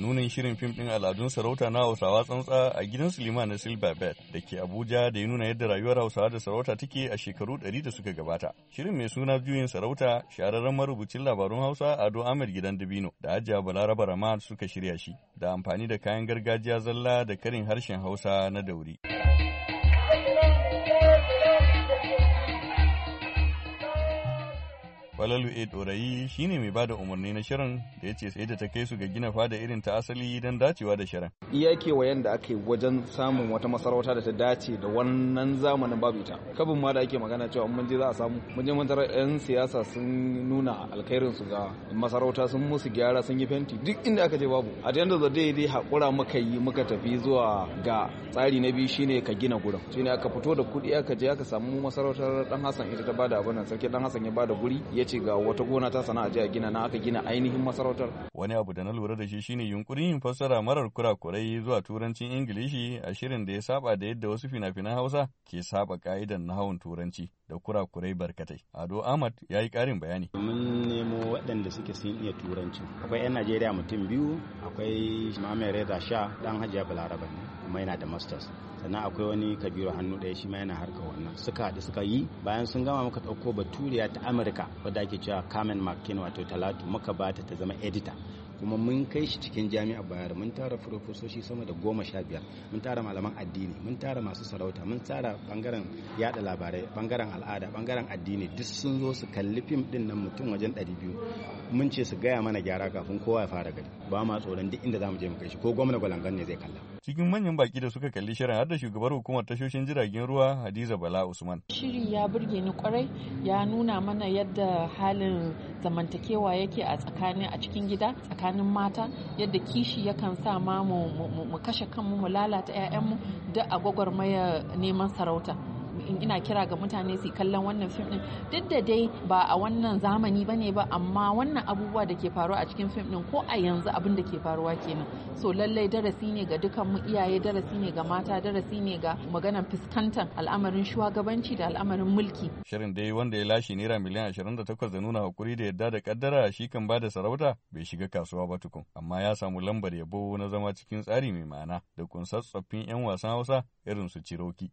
nunin shirin fim ɗin al'adun sarauta na hausawa tsantsa a gidan silima na bed da ke abuja da ya nuna yadda rayuwar hausawa da sarauta take a shekaru ɗari da suka gabata shirin mai suna juyin sarauta shahararren marubucin labarun hausa ado ahmed gidan dabino da hajiya balaraba ramad suka shirya shi da amfani da kayan gargajiya zalla da karin harshen hausa na dauri. Falalu A. Dorayi shi ne mai bada umarni na shirin da ya ce sai da ta kai su ga gina fada irin ta asali don dacewa da shirin. Iya kewayen da aka yi wajen samun wata masarauta da ta dace da wannan zamanin babu ita. Kabin ma da ake magana cewa mun je za a samu mun je mun 'yan siyasa sun nuna alkhairin su ga masarauta sun musu gyara sun yi fenti duk inda aka je babu. A da yanda da dai hakura muka yi muka tafi zuwa ga tsari na biyu shine ka gina gurin. Shine aka fito da kuɗi aka je aka samu masarautar Dan Hassan ita ta bada abin nan sarki Dan Hassan ya bada guri ya ce ga wata gona ta sana a gina na aka gina ainihin masarautar wani abu da na lura da shi shine yunkurin yin fassara marar kura kurai zuwa turancin ingilishi a shirin da ya saba da yadda wasu fina-finan hausa ke saba ka'idan nahawun turanci da kura kurai barkatai ado ahmad ya yi karin bayani mun nemo waɗanda suke sun iya turanci akwai 'yan najeriya mutum biyu akwai mahammed reza sha dan hajiya balaraba ne kuma yana da masters sannan akwai wani kabiru hannu ɗaya shi ma yana harkar wannan suka haɗu suka yi bayan sun gama muka ɗauko baturiya ta amurka wadda ake cewa carmen mckin wato talatu muka bata ta zama edita kuma mun kai shi cikin jami'a bayar mun tara furofesoshi sama da goma sha biyar mun tara malaman addini mun tara masu sarauta mun tara bangaren yada labarai bangaren al'ada bangaren addini duk sun zo su kalli fim din nan mutum wajen ɗari biyu mun ce su gaya mana gyara kafin kowa ya fara gari ba ma tsoron duk inda za mu je mu kai shi ko gwamna gwalangan ne zai kalla Cikin manyan baki da suka kalli shirin har da shugabar hukumar tashoshin jiragen ruwa Hadiza Bala Usman. Shiri ya burge ni kwarai ya nuna mana yadda halin zamantakewa yake a tsakanin a cikin gida tsakanin mata yadda kishi yakan sa ma mu kashe kanmu mu lalata 'ya'yanmu da a gwagwarmaya neman sarauta. in ina kira ga mutane su kallon wannan fim din duk da dai ba a wannan zamani bane ba amma wannan abubuwa da ke faruwa a cikin fim din ko a yanzu abin da ke faruwa kenan so lallai darasi ne ga dukkan mu iyaye darasi ne ga mata darasi ne ga maganar fuskantar al'amarin shugabanci da al'amarin mulki shirin dai wanda ya lashe naira miliyan 28 da nuna hakuri da yadda da kaddara shi kan ba da sarauta bai shiga kasuwa ba tukun amma ya samu lambar yabo na zama cikin tsari mai ma'ana da kunsar tsoffin 'yan wasan hausa irin su ciroki